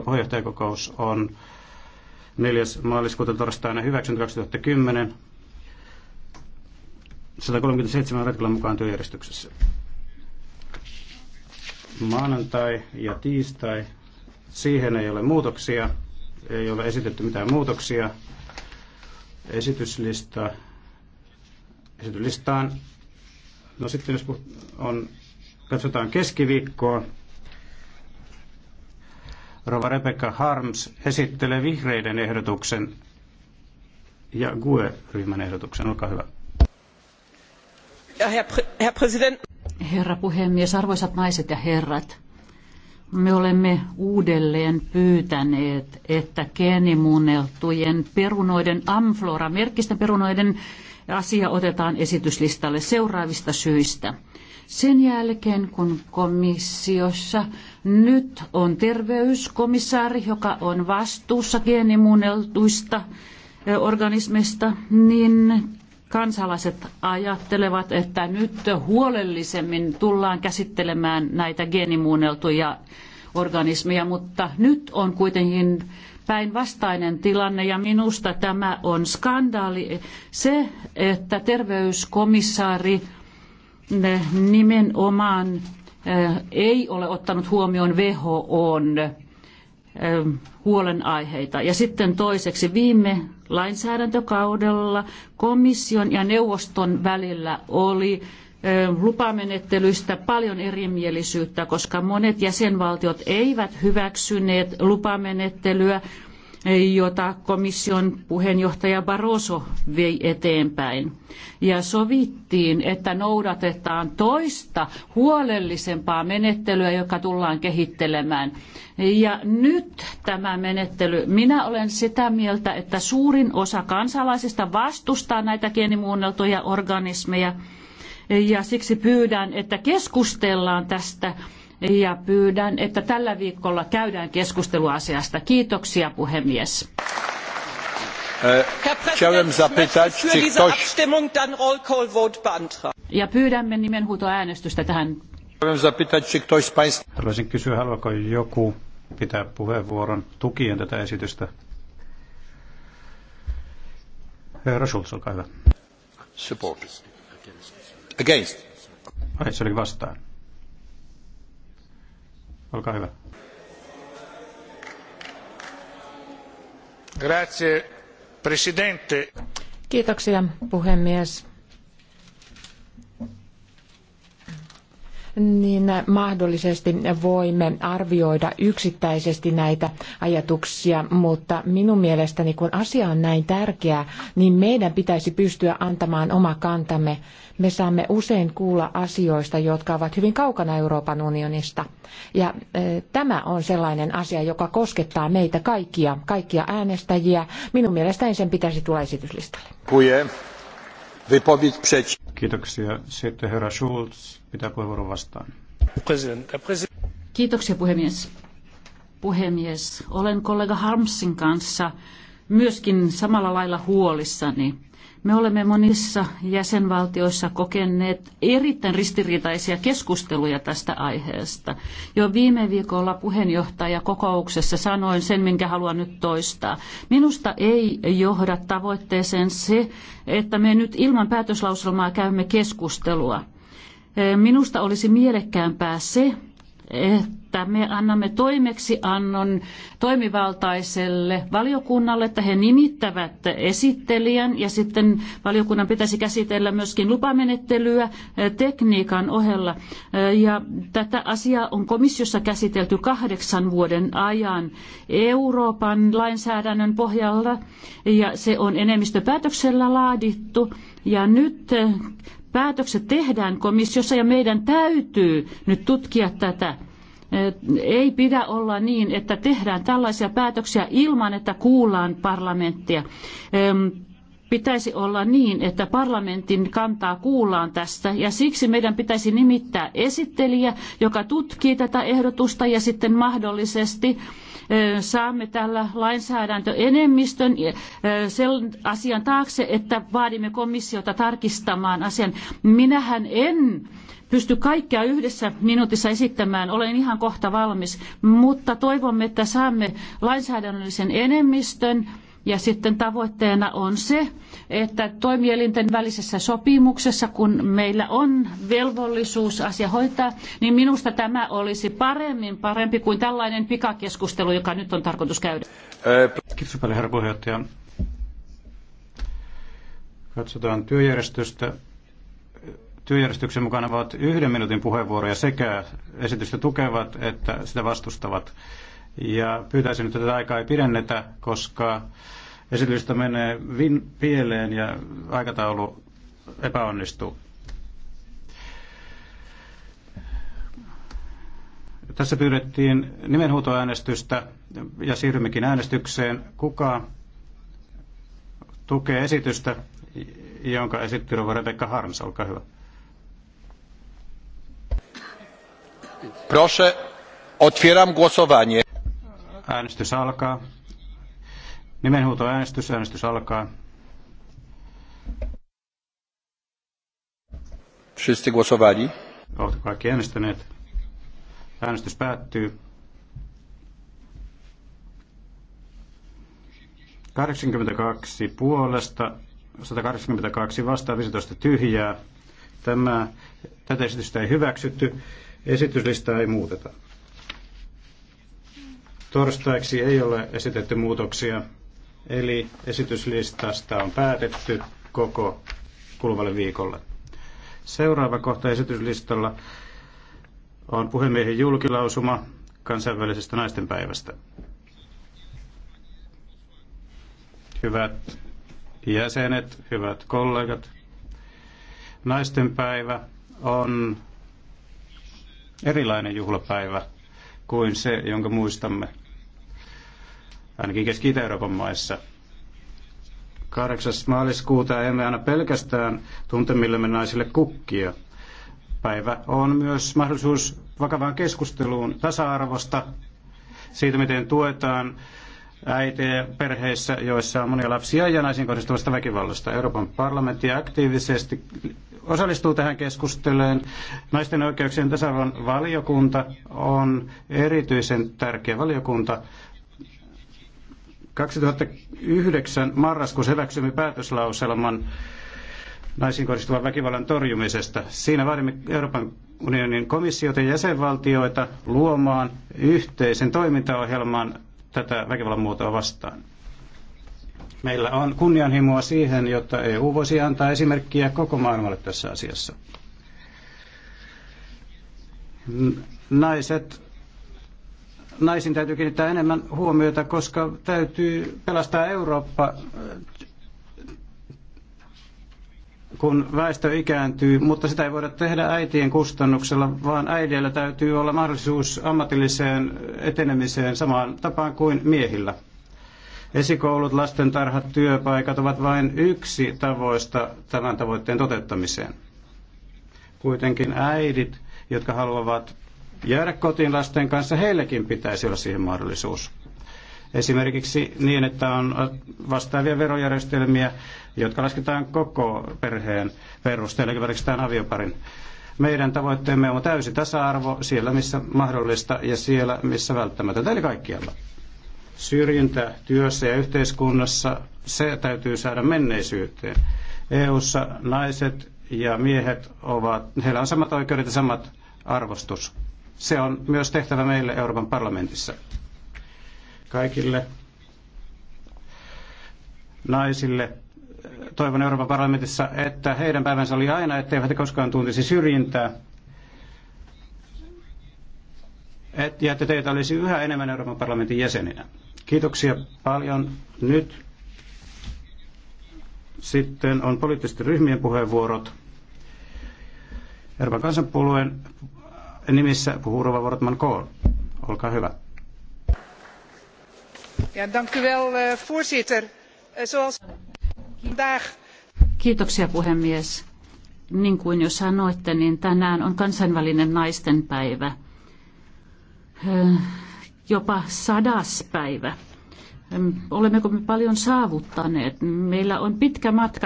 puheenjohtajakokous on 4. maaliskuuta torstaina hyväksynyt 2010 137 artiklan mukaan työjärjestyksessä. Maanantai ja tiistai, siihen ei ole muutoksia, ei ole esitetty mitään muutoksia. Esityslista, esityslistaan, no sitten jos on, katsotaan keskiviikkoa, Rova Rebecca Harms esittelee vihreiden ehdotuksen ja GUE-ryhmän ehdotuksen. Olkaa hyvä. Herra puhemies, arvoisat naiset ja herrat. Me olemme uudelleen pyytäneet, että geenimuunneltujen perunoiden, amflora-merkkisten perunoiden asia otetaan esityslistalle seuraavista syistä. Sen jälkeen, kun komissiossa nyt on terveyskomissaari, joka on vastuussa geenimuunneltuista organismeista, niin kansalaiset ajattelevat, että nyt huolellisemmin tullaan käsittelemään näitä geenimuunneltuja organismeja, mutta nyt on kuitenkin päinvastainen tilanne ja minusta tämä on skandaali. Se, että terveyskomissaari nimenomaan äh, ei ole ottanut huomioon WHOn äh, huolenaiheita. Ja sitten toiseksi viime lainsäädäntökaudella komission ja neuvoston välillä oli äh, lupamenettelyistä paljon erimielisyyttä, koska monet jäsenvaltiot eivät hyväksyneet lupamenettelyä jota komission puheenjohtaja Barroso vei eteenpäin. Ja sovittiin, että noudatetaan toista huolellisempaa menettelyä, joka tullaan kehittelemään. Ja nyt tämä menettely, minä olen sitä mieltä, että suurin osa kansalaisista vastustaa näitä geenimuunneltuja organismeja ja siksi pyydän, että keskustellaan tästä ja pyydän, että tällä viikolla käydään keskusteluasiasta. asiasta. Kiitoksia puhemies. Ja pyydämme nimenhuutoäänestystä tähän. Haluaisin kysyä, haluaako joku pitää puheenvuoron tukien tätä esitystä? Herra Schulz, olkaa hyvä. Support. Against. Ai, se oli vastaan. Olkaa hyvä. Grazie, presidente. Kiitoksia, puhemies. Niin mahdollisesti voimme arvioida yksittäisesti näitä ajatuksia, mutta minun mielestäni kun asia on näin tärkeä, niin meidän pitäisi pystyä antamaan oma kantamme. Me saamme usein kuulla asioista, jotka ovat hyvin kaukana Euroopan unionista. Ja e, tämä on sellainen asia, joka koskettaa meitä kaikkia, kaikkia äänestäjiä. Minun mielestäni sen pitäisi tulla esityslistalle. Kiitoksia. Sitten herra Schulz pitää puheenvuoron vastaan. Kiitoksia puhemies puhemies. Olen kollega Harmsin kanssa myöskin samalla lailla huolissani. Me olemme monissa jäsenvaltioissa kokeneet erittäin ristiriitaisia keskusteluja tästä aiheesta. Jo viime viikolla puheenjohtajakokouksessa sanoin sen, minkä haluan nyt toistaa. Minusta ei johda tavoitteeseen se, että me nyt ilman päätöslauselmaa käymme keskustelua. Minusta olisi mielekkäämpää se, että että me annamme toimeksiannon toimivaltaiselle valiokunnalle, että he nimittävät esittelijän ja sitten valiokunnan pitäisi käsitellä myöskin lupamenettelyä eh, tekniikan ohella. Eh, ja tätä asiaa on komissiossa käsitelty kahdeksan vuoden ajan Euroopan lainsäädännön pohjalta ja se on enemmistöpäätöksellä laadittu. Ja nyt eh, päätökset tehdään komissiossa ja meidän täytyy nyt tutkia tätä. Ei pidä olla niin, että tehdään tällaisia päätöksiä ilman, että kuullaan parlamenttia pitäisi olla niin, että parlamentin kantaa kuullaan tästä ja siksi meidän pitäisi nimittää esittelijä, joka tutkii tätä ehdotusta ja sitten mahdollisesti saamme tällä lainsäädäntöenemmistön sen asian taakse, että vaadimme komissiota tarkistamaan asian. Minähän en pysty kaikkea yhdessä minuutissa esittämään. Olen ihan kohta valmis, mutta toivomme, että saamme lainsäädännöllisen enemmistön ja sitten tavoitteena on se, että toimielinten välisessä sopimuksessa, kun meillä on velvollisuus asia hoitaa, niin minusta tämä olisi paremmin parempi kuin tällainen pikakeskustelu, joka nyt on tarkoitus käydä. Kiitos paljon, herra puheenjohtaja. Katsotaan työjärjestystä työjärjestyksen mukana ovat yhden minuutin puheenvuoroja sekä esitystä tukevat että sitä vastustavat. Ja pyytäisin, että tätä aikaa ei pidennetä, koska esitystä menee vin- pieleen ja aikataulu epäonnistuu. Tässä pyydettiin nimenhuutoäänestystä ja siirrymmekin äänestykseen. Kuka tukee esitystä, jonka esitti Rebecca Harms? Olkaa hyvä. Proszę, otwieram głosowanie. Äänestys alkaa. Nimenhuutoäänestys, äänestys alkaa. Wszyscy głosowali? Oletko kaikki äänestäneet? Äänestys päättyy. 82 puolesta, 182 vastaan, 15 tyhjää. Tämä, tätä esitystä ei hyväksytty. Esityslistaa ei muuteta. Torstaiksi ei ole esitetty muutoksia, eli esityslistasta on päätetty koko kuluvalle viikolle. Seuraava kohta esityslistalla on puhemiehen julkilausuma kansainvälisestä naistenpäivästä. Hyvät jäsenet, hyvät kollegat, naistenpäivä on erilainen juhlapäivä kuin se, jonka muistamme ainakin keski euroopan maissa. 8. maaliskuuta emme aina pelkästään tuntemillemme naisille kukkia. Päivä on myös mahdollisuus vakavaan keskusteluun tasa-arvosta, siitä miten tuetaan äitejä perheissä, joissa on monia lapsia ja naisiin kohdistuvasta väkivallasta. Euroopan parlamentti aktiivisesti osallistuu tähän keskusteluun. Naisten oikeuksien tasa-arvon valiokunta on erityisen tärkeä valiokunta. 2009 marraskuussa hyväksymme päätöslauselman naisiin kohdistuvan väkivallan torjumisesta. Siinä vaadimme Euroopan unionin komissiota ja jäsenvaltioita luomaan yhteisen toimintaohjelman tätä väkivallan muotoa vastaan. Meillä on kunnianhimoa siihen, jotta EU voisi antaa esimerkkiä koko maailmalle tässä asiassa. Naiset, naisin täytyy kiinnittää enemmän huomiota, koska täytyy pelastaa Eurooppa kun väestö ikääntyy, mutta sitä ei voida tehdä äitien kustannuksella, vaan äideillä täytyy olla mahdollisuus ammatilliseen etenemiseen samaan tapaan kuin miehillä. Esikoulut, lastentarhat, työpaikat ovat vain yksi tavoista tämän tavoitteen toteuttamiseen. Kuitenkin äidit, jotka haluavat jäädä kotiin lasten kanssa, heillekin pitäisi olla siihen mahdollisuus. Esimerkiksi niin, että on vastaavia verojärjestelmiä, jotka lasketaan koko perheen perusteella, esimerkiksi tämän avioparin. Meidän tavoitteemme on täysi tasa-arvo siellä, missä mahdollista ja siellä, missä välttämätöntä, eli kaikkialla. Syrjintä työssä ja yhteiskunnassa, se täytyy saada menneisyyteen. EU:ssa naiset ja miehet ovat, heillä on samat oikeudet ja samat arvostus. Se on myös tehtävä meille Euroopan parlamentissa kaikille naisille. Toivon Euroopan parlamentissa, että heidän päivänsä oli aina, etteivät he koskaan tuntisi syrjintää. Et, ja että teitä olisi yhä enemmän Euroopan parlamentin jäseninä. Kiitoksia paljon. Nyt sitten on poliittisten ryhmien puheenvuorot. Euroopan kansanpuolueen nimissä puhuu Rova Wortman Kohl. Olkaa hyvä. Eh, voorzitter eh, zoals vandaag. Kiitoksia puhemies. Niin kuin jo sanoitte, niin tänään on kansainvälinen naistenpäivä. Eh, jopa sadas päivä. Olemmeko me paljon saavuttaneet? Meillä on pitkä matka